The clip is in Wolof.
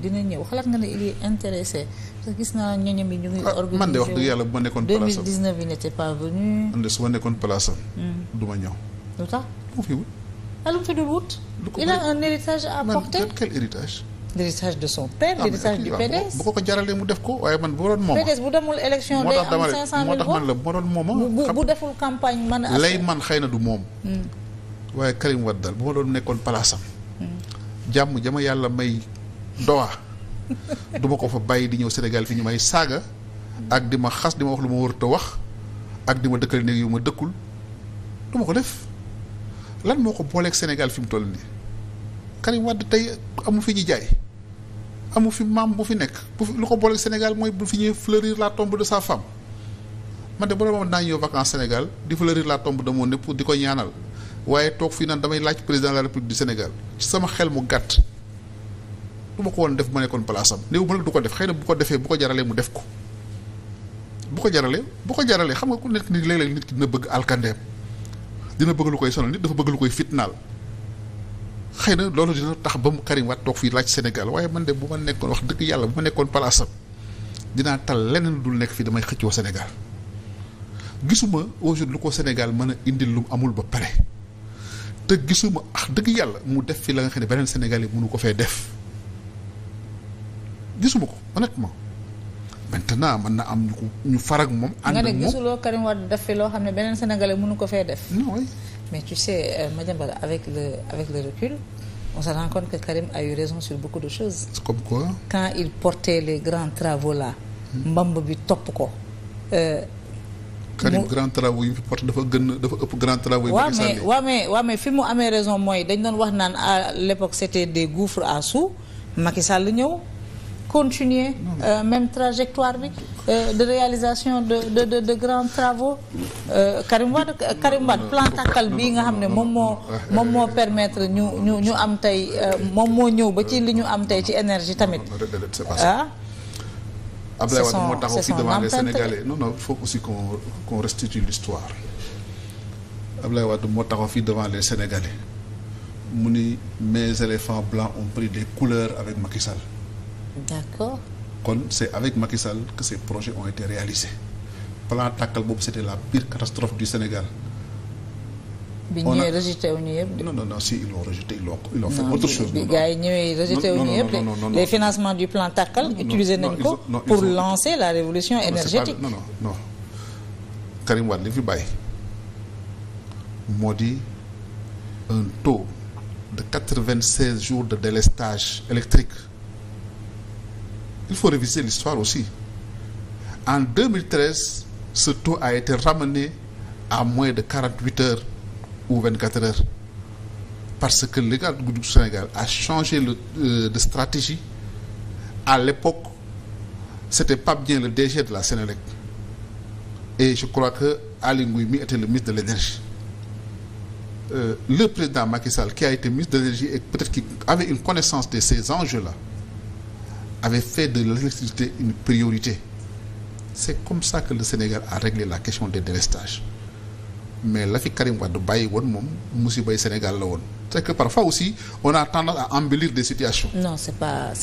dina ñëw xalaat nga ne il est intéressé parce que gis naa ñoñam yi ñu ngi organiser ah, man de wax dëgg yàlla bu ma nekkoon place am 2019 bi n'était de su ma nekkoon place am. Hmm. du ma ñëw. lu tax mu fi wut. ah dul wut. il a un héritage de son père ah, l'héritage du ah, ko ko jaralee mu def ko waaye man bu ma doon mooma bu deful campagne man lay man xëy na du moom hmm. waaye Karim Wade daal bu ma doon nekkoon palaasam hmm. jàmm jama yàlla may Doha du ma ko fa bàyyi di ñëw Sénégal fi ñu may saaga ak di ma xas di ma wax lu ma wërta wax ak di ma dëkkal néeg yu ma dëkkul duma ko def lan moo ko booleeg Sénégal fi mu toll nii Karim Wade tey amu fi ñu jaay amu fi maam bu fi nekk bu fi lu ko booleeg Sénégal mooy bu fi ñuy fleurir la tombe de sa femme man de bu la ma naa ñëw vacances Sénégal di fleurir la tombe de mon époux di ko ñaanal waaye toog fii naan damay laaj président de la République du sama xel mu gàtt bu ma ko woon def ma nekkoon place am néew ma du ko def xëy na bu ko defee bu ko jaralee mu def ko bu ko jaralee bu ko jaralee xam nga ku nekk nit léeg-léeg nit ki dina bëgg alkandeem dina bëgg lu koy sonal nit dafa bëgg lu koy fitnaal xëy na loolu dina tax ba mu Karim Wade toog fii laaj senegal waaye man de bu ma nekkoon wax dëgg yàlla bu ma nekkoon place am dinaa tal leneen dul nekk fii damay xëccoo Sénégal gisuma aujourd'hui lu ko Sénégal mën a indil lu amul ba pare te gisuma ax dëgg yàlla mu def fi la nga xam ne beneen Sénégal mënu ko fee def gisuma ko honnêtement maintenant mën na am ñu ko ñu farag moom. ànd ak moom nga ne gisuloo Karim Wade def fi loo xam ne beneen sénégalais mënu ko fee def. mais tu sais euh, Madiambal avec le avec le recul on que Karim a eu raison sur beaucoup de ko comme quoi. quand il portait les grands travaux là. Hmm. mbamb bi topp ko. Euh, Karim grand travaux yi mu fi porté dafa gën dafa ëpp grand travaux yi. waaw mais waaw mais waaw mais fi mu amee raison mooy dañ doon wax naan à l'époque c'était des gouffres à sous Macky Sall ñëw. continuer euh, même trajectoire bi euh, de réalisation de de de, de grands travaux euh, Karim Wade Karim Wade plan tàkkal bii nga xam ne moom moo moom moo permettre ñu ñu ñu am tey euh, moom moo ñëw ba ci li ñu am tey ci énergie tamit ah Abdoulaye Wade moo tax fii devant les Sénégalais non non il faut aussi qu'on qu'on restitue l'histoire Abdoulaye Wade moo taxaw fii devant les Sénégalais mu ni mes éléphants blancs ont pris des couleurs avec Macky Sall d'accord kon c'est avec Macky Sall que ces projets ont été réalisés plan tàkkal boobu c'était la pire catastrophe du Sénégal. bi ñu ñëwee rejeté wu ñu yëpp. non non non si ils l'ont rejeté ils l'ont ils autre chose. bi gars yi ñëwee rejeté wu ñu yëpp. non du plan tàkkal. utilisé nañ ko pour lancer la révolution énergétique. non non non li fi bàyyi moo di un taux de quatre-vingt-seize jours de délestage électrique. il faut réviser l'histoire aussi en 2013 ce taux a été ramené à moins de 48 heures ou 24 heures parce que le gouvernement du Sénégal a changé le, euh, de stratégie à l'époque c'était pas bien le DG de la Sénélec et je crois que Aly Ngouille Mby de euh, le président Macky Sall qui a été ministre de l'énergie et peut-être qui avait une connaissance de avait fait de l'électricité une priorité. C'est comme ça que le Sénégal a réglé la question des délestages. Mais la fi Karim Wade bàyyi woon moom bay Sénégal la woon. C'est que parfois aussi on a tendance à embellir des situations. Non, c'est pas